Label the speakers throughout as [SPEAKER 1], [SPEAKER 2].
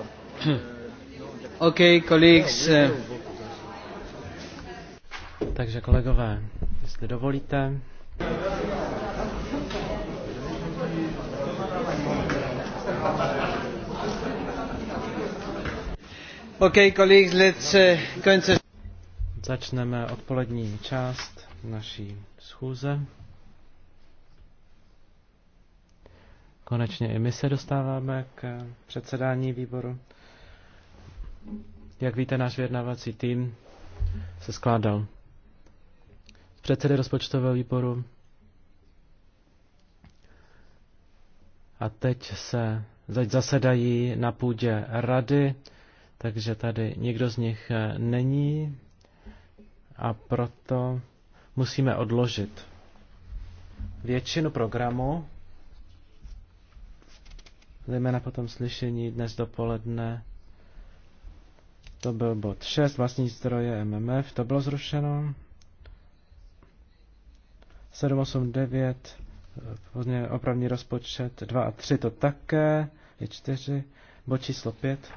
[SPEAKER 1] OK, colleagues. No, eh. Takže kolegové, jestli dovolíte. OK, colleagues, let's eh, go into... Začneme odpolední část naší schůze. Konečně i my se dostáváme k předsedání výboru. Jak víte, náš vyjednávací tým se skládal z předsedy rozpočtového výboru a teď se teď zasedají na půdě rady, takže tady nikdo z nich eh, není a proto musíme odložit většinu programu, zejména po tom slyšení dnes dopoledne. To byl bod 6, vlastní zdroje MMF, to bylo zrušeno. 9, pozdě opravní rozpočet 2 a 3 to také, je 4, bod číslo 5.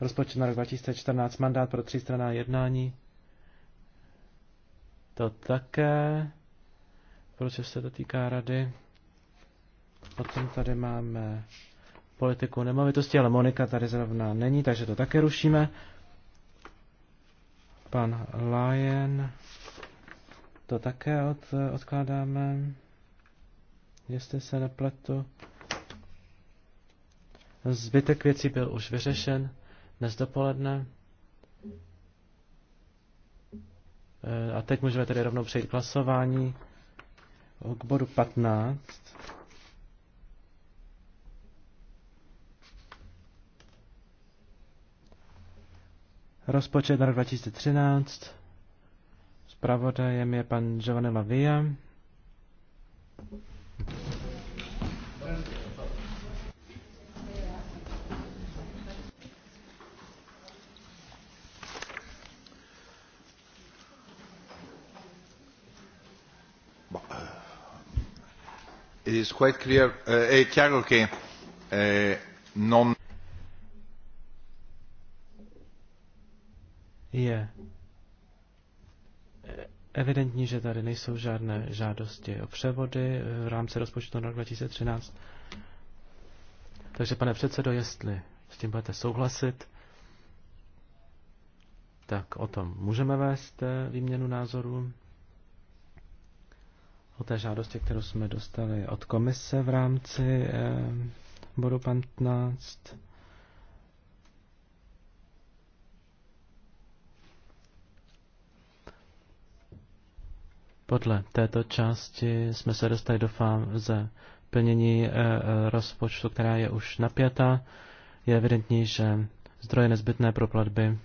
[SPEAKER 1] Rozpočet na rok 2014, mandát pro třístranná jednání. To také, proč se to týká rady. Potom tady máme politiku nemovitosti, ale Monika tady zrovna není, takže to také rušíme. Pan Lion, to také od, odkládáme, jestli se nepletu. Zbytek věcí byl už vyřešen dnes dopoledne. E, a teď můžeme tedy rovnou přejít k hlasování k bodu 15. Rozpočet na rok 2013. Zpravodajem je pan Giovanni Lavia. it is quite clear, eh, è eh, chiaro che eh, non že tady nejsou žádné žádosti o převody eh, v rámci rozpočtu na rok 2013. Takže pane předsedo, jestli s tím budete souhlasit, tak o tom můžeme vést eh, výměnu názorů. O té žádosti, kterou jsme dostali od komise v rámci eh, bodu 15. Podle této části jsme se dostali do fáze plnění eh, eh, rozpočtu, která je už napjata. Je evidentní, že zdroje nezbytné pro platby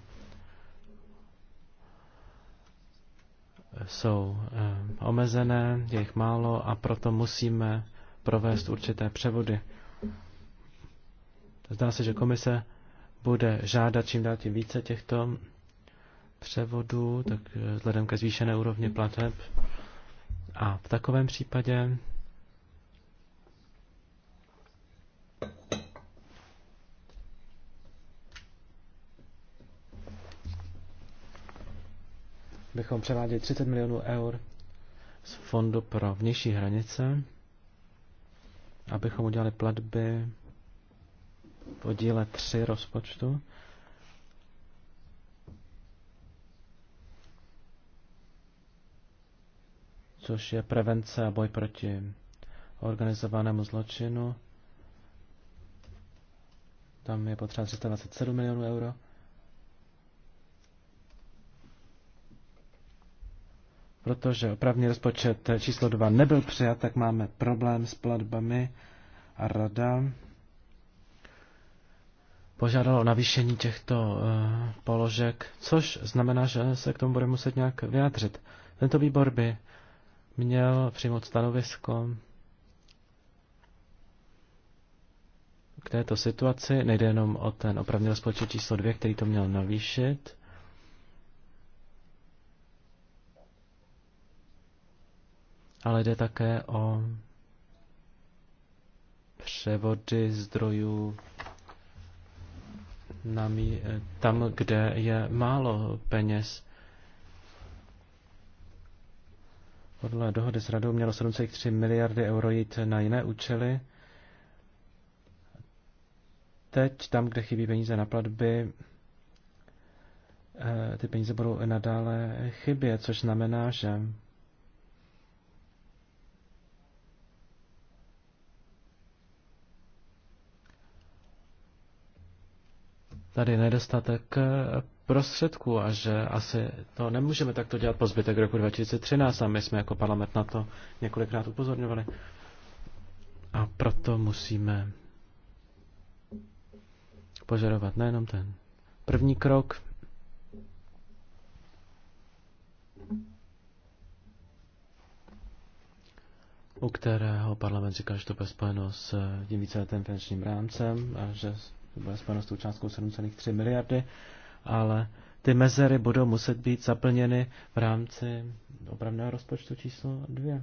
[SPEAKER 1] jsou eh, omezené, je jich málo a proto musíme provést určité převody. Zdá se, že komise bude žádat čím dál tím více těchto převodu, tak eh, vzhledem ke zvýšené úrovni plateb. A v takovém případě bychom převáděli 30 milionů eur z fondu pro vnější hranice, abychom udělali platby podíle 3 rozpočtu což je prevence a boj proti organizovanému zločinu. Tam je potřeba 327 milionů euro. Protože opravní rozpočet číslo 2 nebyl přijat, tak máme problém s platbami a rada požádala o navýšení těchto uh, položek, což znamená, že se k tomu bude muset nějak vyjádřit. Tento výbor by měl přijmout stanovisko k této situaci. Nejde jenom o ten opravný rozpočet číslo dvě, který to měl navýšit. Ale jde také o převody zdrojů na mí- tam, kde je málo peněz. Podle dohody s radou mělo 7,3 miliardy euro jít na jiné účely. Teď, tam, kde chybí peníze na platby, eh, ty peníze budou nadále chybět, což znamená, že tady nedostatek eh, prostředků a že asi to nemůžeme takto dělat po zbytek roku 2013 a my jsme jako parlament na to několikrát upozorňovali. A proto musíme požadovat nejenom ten první krok, u kterého parlament říká, že to bude spojeno s eh, tím víceletým finančním rámcem a že to bude spojeno s tou částkou 7,3 miliardy, ale ty mezery budou muset být zaplněny v rámci opravného rozpočtu číslo 2.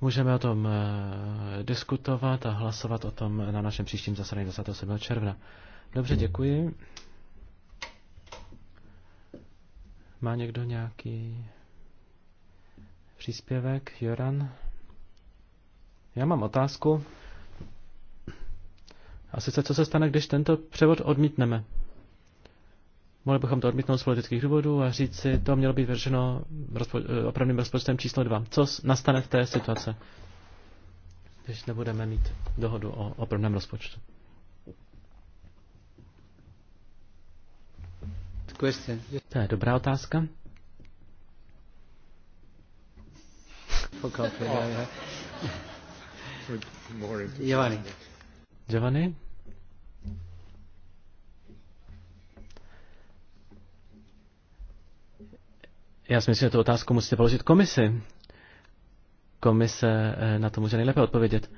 [SPEAKER 1] Můžeme o tom eh, diskutovat a hlasovat o tom na našem příštím zasedání 27. června. Dobře, děkuji. Má někdo nějaký příspěvek, Joran. Já mám otázku. A sice, co se stane, když tento převod odmítneme? Mohli bychom to odmítnout z politických důvodů a říct si, to mělo být vrženo rozpo- eh, opravným rozpočtem číslo 2. Co nastane v té situace, když nebudeme mít dohodu o opravném rozpočtu? To je dobrá otázka. for coffee. Oh. Giovanni. Giovanni? Já si myslím, že tu otázku musíte položit komisi. Komise eh, na to může nejlépe odpovědět.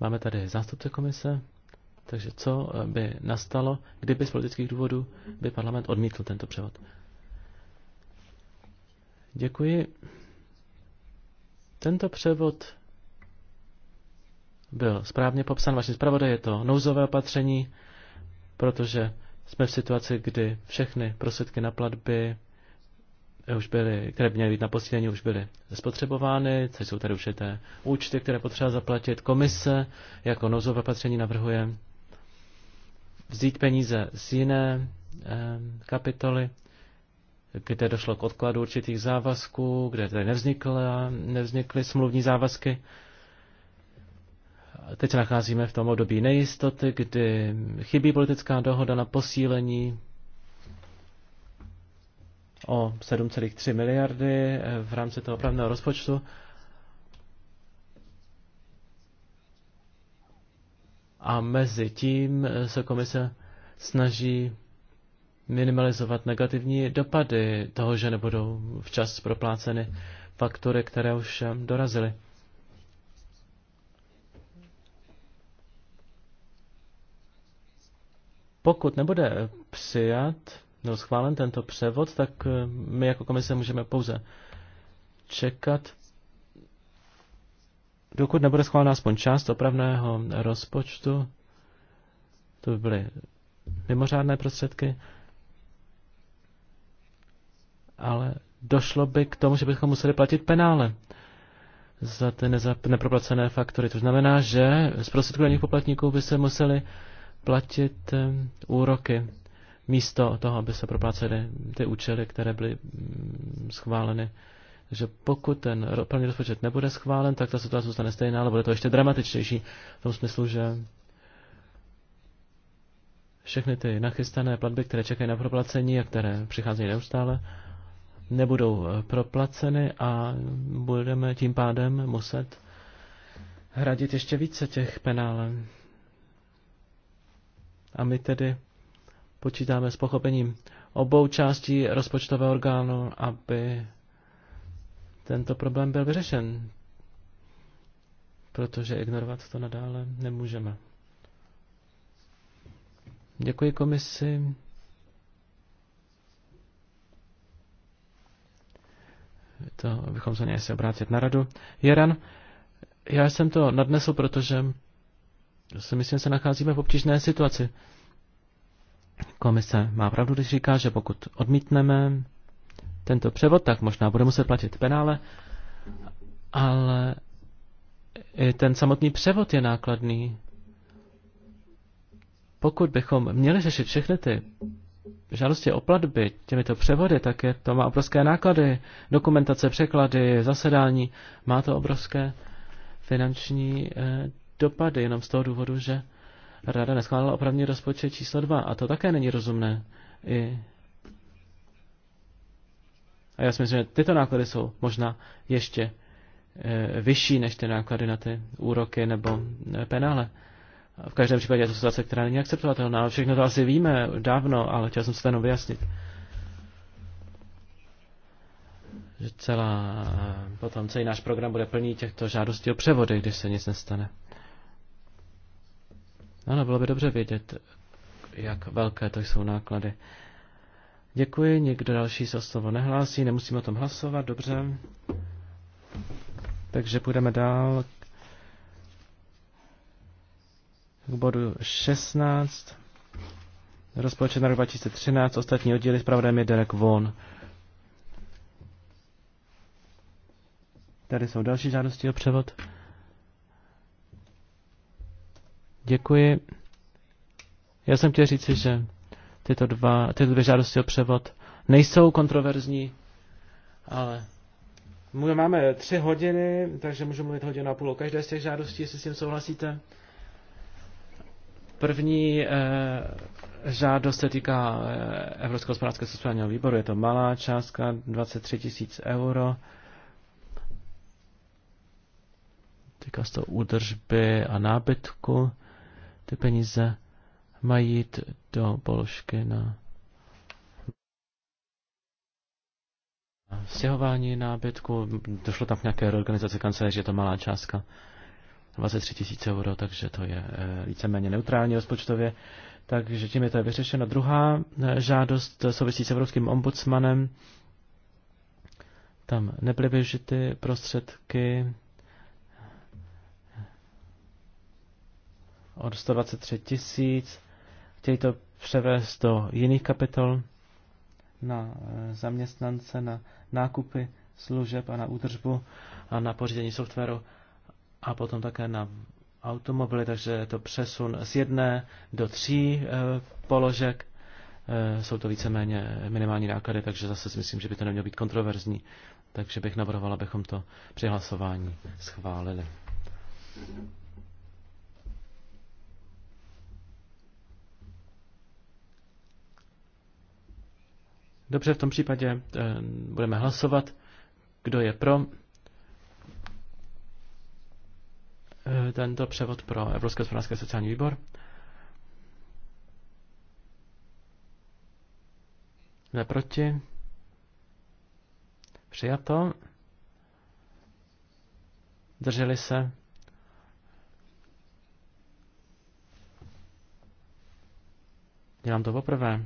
[SPEAKER 1] Máme tady zástupce komise, takže co eh, by nastalo, kdyby z politických důvodů by parlament odmítl tento převod? Děkuji. Tento převod byl správně popsán vaším zpravodaj, je to nouzové opatření, protože jsme v situaci, kdy všechny prostředky na platby, už byly, které by měly být na posílení, už byly spotřebovány, což jsou tady určité účty, které potřeba zaplatit. Komise jako nouzové opatření navrhuje vzít peníze z jiné eh, kapitoly kde došlo k odkladu určitých závazků, kde tady nevznikly, nevznikly smluvní závazky. Teď se nacházíme v tom období nejistoty, kdy chybí politická dohoda na posílení o 7,3 miliardy v rámci toho opravného rozpočtu. A mezi tím se komise snaží minimalizovat negativní dopady toho, že nebudou včas propláceny faktory, které už eh, dorazily. Pokud nebude přijat nebo schválen tento převod, tak eh, my jako komise můžeme pouze čekat, dokud nebude schválena aspoň část opravného rozpočtu, to by byly mimořádné prostředky, ale došlo by k tomu, že bychom museli platit penále za ty neproplacené faktory. To znamená, že z prostředků poplatníků by se museli platit úroky místo toho, aby se propláceli ty účely, které byly mm, schváleny. Takže pokud ten plný rozpočet nebude schválen, tak ta situace zůstane stejná, ale bude to ještě dramatičtější v tom smyslu, že všechny ty nachystané platby, které čekají na proplacení a které přicházejí neustále, nebudou eh, proplaceny a budeme tím pádem muset hradit ještě více těch penále. A my tedy počítáme s pochopením obou částí rozpočtového orgánu, aby tento problém byl vyřešen. Protože ignorovat to nadále nemůžeme. Děkuji komisi. to bychom se měli se obrátit na radu. Jaran, já jsem to nadnesl, protože si myslím, že se nacházíme v obtížné situaci. Komise má pravdu, když říká, že pokud odmítneme tento převod, tak možná bude muset platit penále, ale i ten samotný převod je nákladný. Pokud bychom měli řešit všechny ty žádosti o platby těmito převody, tak je, to má obrovské náklady, dokumentace, překlady, zasedání, má to obrovské finanční eh, dopady, jenom z toho důvodu, že rada neschválila opravní rozpočet číslo 2 a to také není rozumné. I... A já si myslím, že tyto náklady jsou možná ještě eh, vyšší než ty náklady na ty úroky nebo eh, penále. V každém případě je to situace, která není akceptovatelná. Všechno to asi víme dávno, ale chtěl jsem se to jenom vyjasnit. Že celá, potom celý náš program bude plný těchto žádostí o převody, když se nic nestane. Ano, bylo by dobře vědět, jak velké to jsou náklady. Děkuji, někdo další se o slovo nehlásí, nemusíme o tom hlasovat, dobře. Takže půjdeme dál k bodu 16. Rozpočet na rok 2013. Ostatní oddíly. pravdem je Derek Von. Tady jsou další žádosti o převod. Děkuji. Já jsem chtěl říci, že tyto, dva, tyto dvě žádosti o převod nejsou kontroverzní, ale máme tři hodiny, takže můžu mluvit hodinu a půl o každé z těch žádostí, jestli s tím souhlasíte. První eh, žádost se týká eh, Evropského hospodářského sociálního výboru. Je to malá částka, 23 tisíc euro. Týká se to údržby a nábytku. Ty peníze mají jít do položky na stěhování nábytku. Došlo tam k nějaké reorganizaci kanceláře, je to malá částka. 23 tisíc euro, takže to je eh, víceméně neutrální rozpočtově. Takže tím je to vyřešeno. Druhá eh, žádost souvisí s Evropským ombudsmanem. Tam nebyly využity prostředky od 123 tisíc. Chtějí to převést do jiných kapitol na eh, zaměstnance, na nákupy služeb a na údržbu a na pořízení softwaru a potom také na automobily, takže je to přesun z jedné do tří eh, položek. Eh, jsou to víceméně minimální náklady, takže zase si myslím, že by to nemělo být kontroverzní. Takže bych navrhoval, abychom to při hlasování schválili. Dobře, v tom případě eh, budeme hlasovat. Kdo je pro? Eh, tento převod pro Evropské hospodářské sociální výbor. Kdo proti? Přijato. Drželi se. Dělám to poprvé.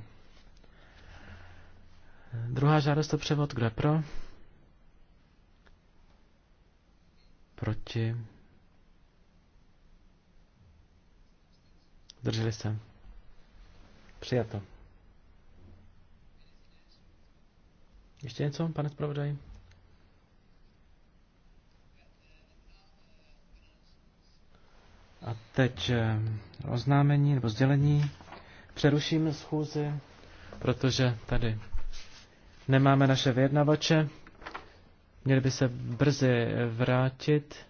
[SPEAKER 1] Druhá žádost o převod, kdo pro? Proti. Zdrželi se. Přijato. Ještě něco, pane zpravodaj? A teď eh, oznámení nebo sdělení. Přerušíme schůzi, protože tady nemáme naše vyjednavače. Měli by se brzy vrátit.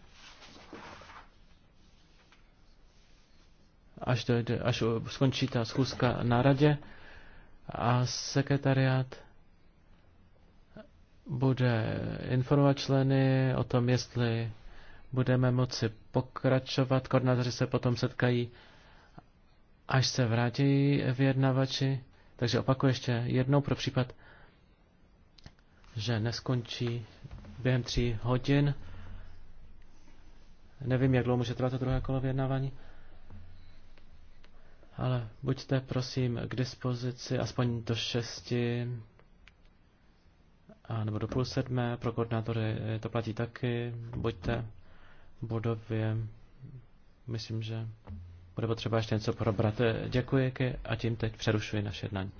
[SPEAKER 1] až, dojde, až skončí ta schůzka na radě a sekretariát bude informovat členy o tom, jestli budeme moci pokračovat. Koordinátoři se potom setkají, až se vrátí vyjednavači. Takže opakuju ještě jednou pro případ, že neskončí během tří hodin. Nevím, jak dlouho může trvat to druhé kolo vyjednávání. Ale buďte prosím k dispozici aspoň do šesti a nebo do půl sedmé, pro koordinátory to platí taky, buďte budově. myslím, že bude potřeba ještě něco probrat. Děkuji a tím teď přerušuji naše jednání.